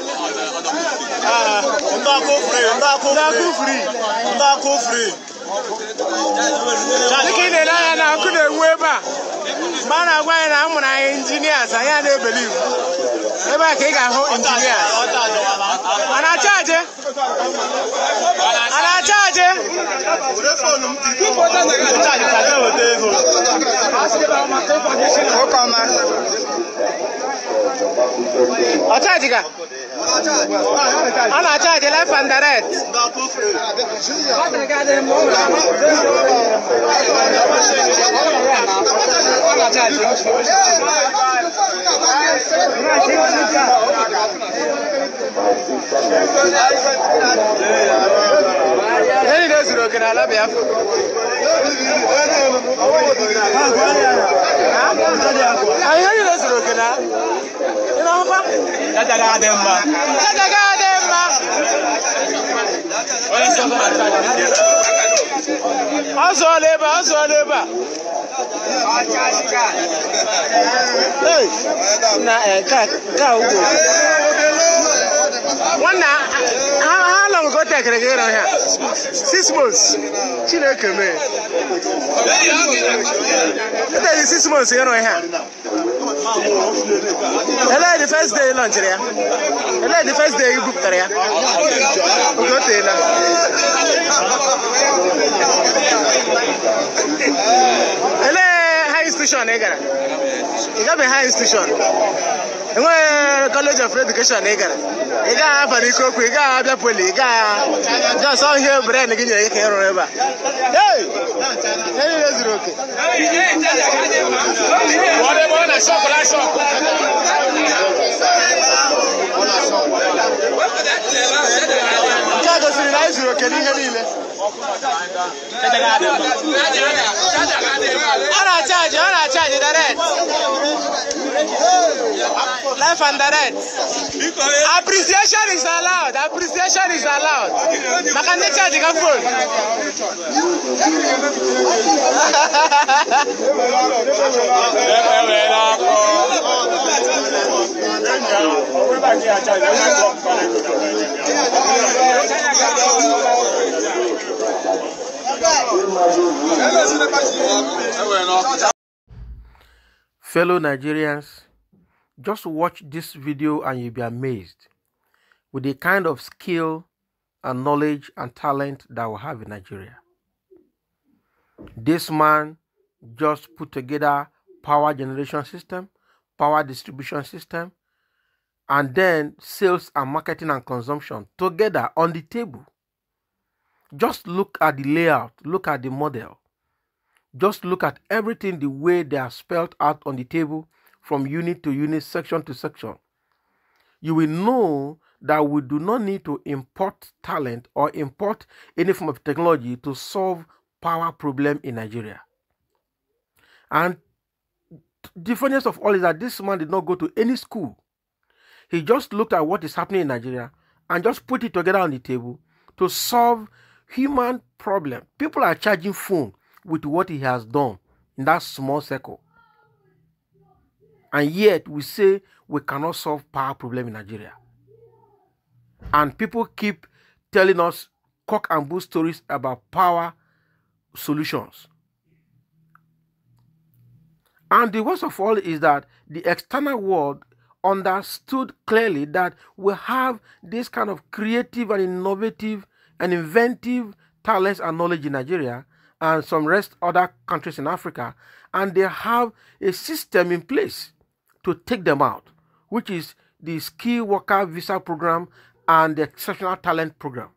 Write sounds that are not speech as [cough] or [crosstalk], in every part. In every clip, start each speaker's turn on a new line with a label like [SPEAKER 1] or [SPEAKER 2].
[SPEAKER 1] ndị akụfri ndị akụfri ndị akụfri dịka ị na-ele na ọkụ na-enwu ebe a mgbe a na-agwa anyị na a mụrụ anyị a na-ebeli ebe a ka ị ga-ahụ a na-achaje a na Ọchajiga. Ọ na-achaji life and direct. Ọ na kira alabiya a yi yi da suru kira ina hafa ya daga adin ba ya daga adin ba wani sọgbọn azọ leba azọ leba na ẹ ká o ugbo. nwanna ha long ago tekere gị ịrọ ha six months chineke mee eteghị six months ịrọ ha elee the first day ya elee the first day ibupụtara ya oge o elee high institution ị gara ị gabeghị high institution enweghị kọleji of edukeshọn ị gara ị gaghị afa n'ike okwu ị gaghị abịa poli ị gaghị jọsọ ihe bren gị nyere gị ka ị rụrụ ebe a niile zuru oke nke a gosiri na anyị zuru oke n'ihe niile Ana charge, ana charge direct. Life and direct. Appreciation is allowed. Appreciation is allowed. Maka ne charge ka phone. Thank [laughs] you. Fellow Nigerians, just watch this video and you'll be amazed with the kind of skill and knowledge and talent that we have in Nigeria. This man just put together power generation system, power distribution system, and then sales and marketing and consumption together on the table. Just look at the layout, look at the model. Just look at everything the way they are spelled out on the table from unit to unit, section to section. You will know that we do not need to import talent or import any form of technology to solve power problem in Nigeria. And the funniest of all is that this man did not go to any school. He just looked at what is happening in Nigeria and just put it together on the table to solve human problem. People are charging phone with what he has done in that small circle. And yet we say we cannot solve power problem in Nigeria. And people keep telling us cock and bull stories about power solutions. And the worst of all is that the external world understood clearly that we have this kind of creative and innovative and inventive talents and knowledge in Nigeria and some rest other countries in Africa, and they have a system in place to take them out, which is the skilled worker visa program and the exceptional talent program.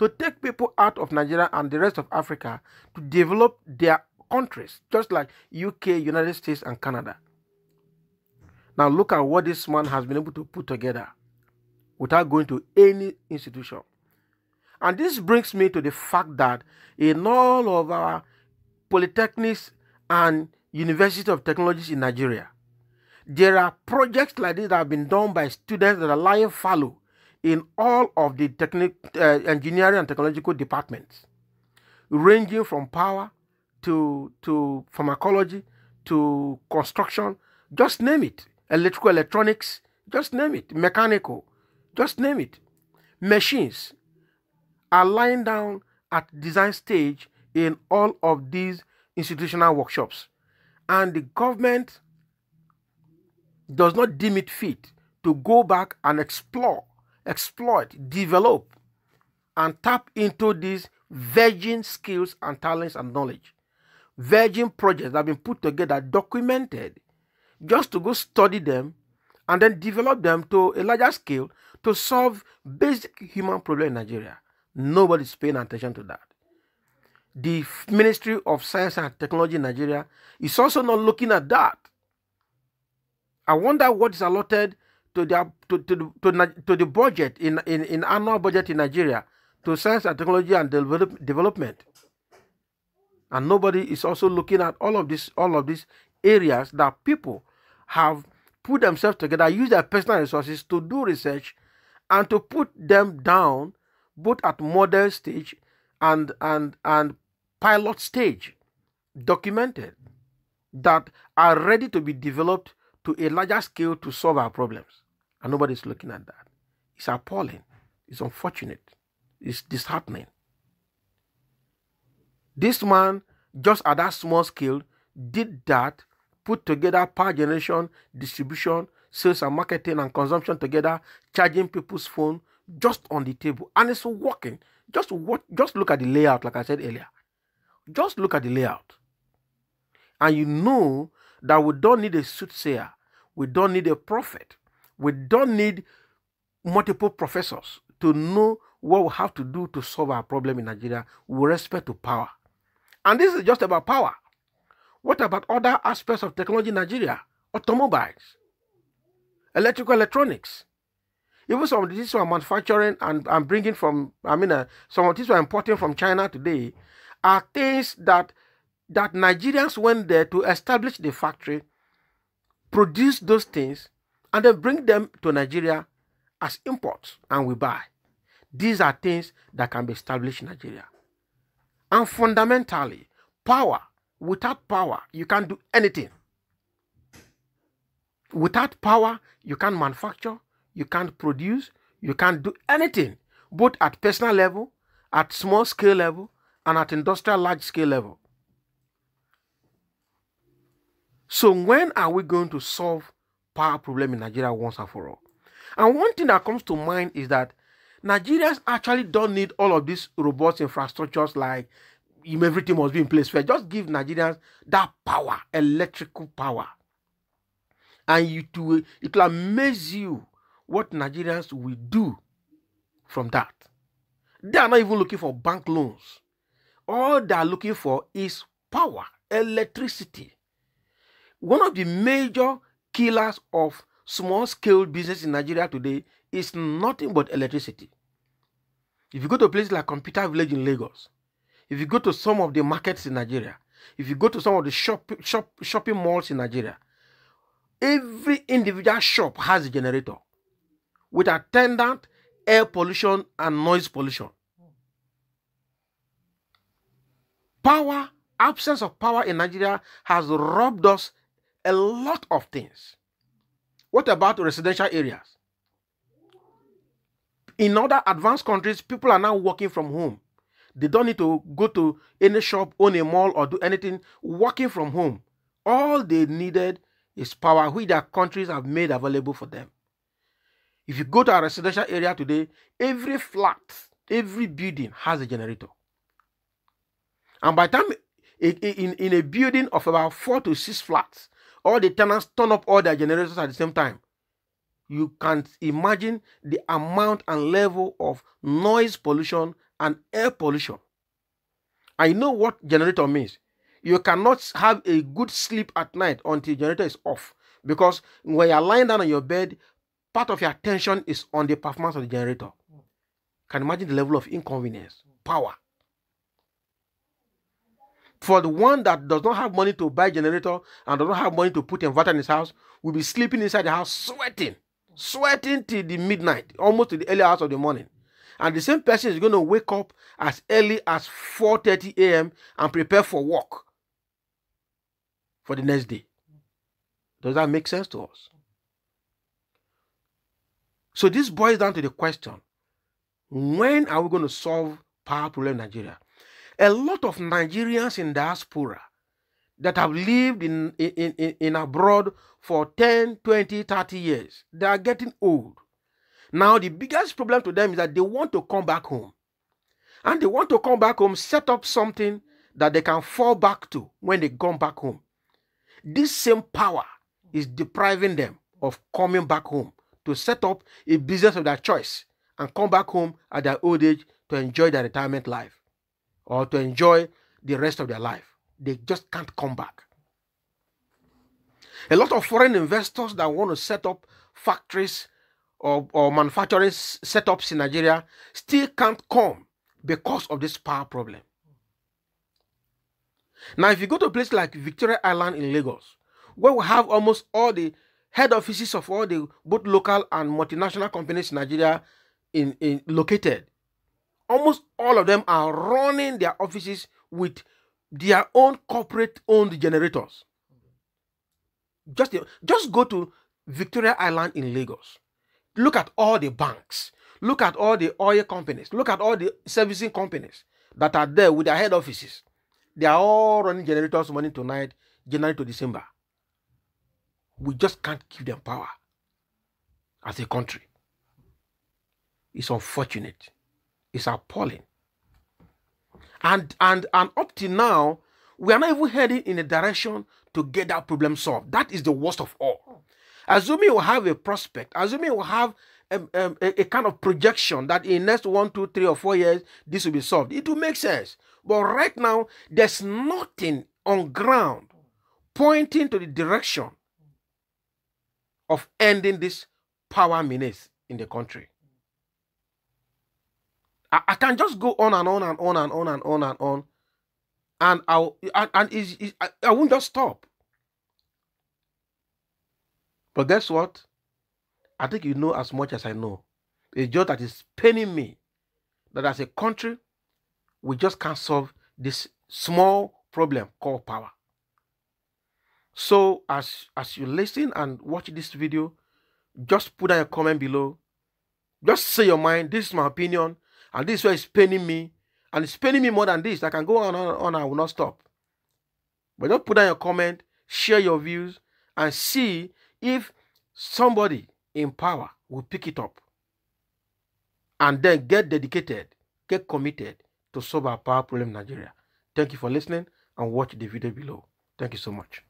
[SPEAKER 1] To take people out of Nigeria and the rest of Africa to develop their countries, just like UK, United States, and Canada. Now look at what this man has been able to put together without going to any institution. And this brings me to the fact that in all of our polytechnics and University of Technologies in Nigeria, there are projects like this that have been done by students that are lying fallow in all of the technic, uh, engineering and technological departments, ranging from power to, to pharmacology to construction, just name it, electrical electronics, just name it, mechanical, just name it, machines, are lying down at design stage in all of these institutional workshops and the government does not deem it fit to go back and explore exploit develop and tap into these virgin skills and talents and knowledge virgin projects that have been put together documented just to go study them and then develop them to a larger scale to solve basic human problems in nigeria Nobody's paying attention to that. The Ministry of Science and Technology in Nigeria is also not looking at that. I wonder what is allotted to the to, to, to, to the budget in, in, in annual budget in Nigeria to science and technology and develop, development. And nobody is also looking at all of this all of these areas that people have put themselves together, use their personal resources to do research and to put them down both at model stage and and and pilot stage documented that are ready to be developed to a larger scale to solve our problems and nobody's looking at that it's appalling it's unfortunate it's disheartening this man just at that small scale did that put together power generation distribution sales and marketing and consumption together charging people's phone just on the table and it's working. Just what just look at the layout, like I said earlier. Just look at the layout. And you know that we don't need a soothsayer, we don't need a prophet, we don't need multiple professors to know what we have to do to solve our problem in Nigeria with respect to power. And this is just about power. What about other aspects of technology in Nigeria? Automobiles, electrical electronics, even some of these who are manufacturing and, and bringing from, I mean, uh, some of these who are importing from China today are things that that Nigerians went there to establish the factory, produce those things, and then bring them to Nigeria as imports, and we buy. These are things that can be established in Nigeria. And fundamentally, power. Without power, you can't do anything. Without power, you can't manufacture, you can't produce, you can't do anything, both at personal level, at small scale level, and at industrial large scale level. So when are we going to solve power problem in Nigeria once and for all? And one thing that comes to mind is that Nigerians actually don't need all of these robust infrastructures like everything must be in place first. Just give Nigerians that power, electrical power. And you to it will amaze you what Nigerians will do from that. They are not even looking for bank loans. All they are looking for is power, electricity. One of the major killers of small scale business in Nigeria today is nothing but electricity. If you go to places like Computer Village in Lagos, if you go to some of the markets in Nigeria, if you go to some of the shop, shop, shopping malls in Nigeria, every individual shop has a generator with attendant air pollution and noise pollution. Power, absence of power in Nigeria has robbed us a lot of things. What about residential areas? In other advanced countries, people are now working from home. They don't need to go to any shop, own a mall, or do anything. Working from home. All they needed is power, which their countries have made available for them. If you go to a residential area today, every flat, every building has a generator. And by time in, in a building of about four to six flats, all the tenants turn up all their generators at the same time. You can't imagine the amount and level of noise pollution and air pollution. I know what generator means. You cannot have a good sleep at night until generator is off because when you're lying down on your bed, part of your attention is on the performance of the generator. Can imagine the level of inconvenience, power. For the one that does not have money to buy generator and does not have money to put inverter in his house, will be sleeping inside the house, sweating, sweating till the midnight, almost to the early hours of the morning. And the same person is going to wake up as early as 4:30 a.m. and prepare for work for the next day. Does that make sense to us? So this boils down to the question when are we going to solve power problem in Nigeria? A lot of Nigerians in diaspora that have lived in, in, in, in abroad for 10, 20, 30 years, they are getting old. Now, the biggest problem to them is that they want to come back home. And they want to come back home, set up something that they can fall back to when they come back home. This same power is depriving them of coming back home to set up a business of their choice and come back home at their old age to enjoy their retirement life or to enjoy the rest of their life. They just can't come back. A lot of foreign investors that want to set up factories or, or manufacturing setups in Nigeria still can't come because of this power problem. Now, if you go to a place like Victoria Island in Lagos, where we have almost all the head offices of all the both local and multinational companies in Nigeria in, in located. Almost all of them are running their offices with their own corporate owned generators. Just, just go to Victoria Island in Lagos. Look at all the banks. Look at all the oil companies. Look at all the servicing companies that are there with their head offices. They are all running generators morning to night, January to December. We just can't give them power as a country. It's unfortunate. It's appalling. And and and up till now, we are not even heading in a direction to get that problem solved. That is the worst of all. Azumi will have a prospect, Azumi will have a, um, um, a, a kind of projection that in next one, two, three, or four years, this will be solved. It will make sense. But right now, there's nothing on ground pointing to the direction of ending this power menace in the country. I, I, can just go on and on and on and on and on and on. And I'll and, and it's, it's, I, I won't just stop. But guess what? I think you know as much as I know. It's just that it's paining me that as a country, we just can't solve this small problem called power. So as, as you listen and watch this video, just put down a comment below. Just say your mind. This is my opinion. And this is where it's paining me. And it's paining me more than this. I can go on and on. I will not stop. But just put down your comment. Share your views. And see if somebody in power will pick it up. And then get dedicated. Get committed to solve our power problem in Nigeria. Thank you for listening and watch the video below. Thank you so much.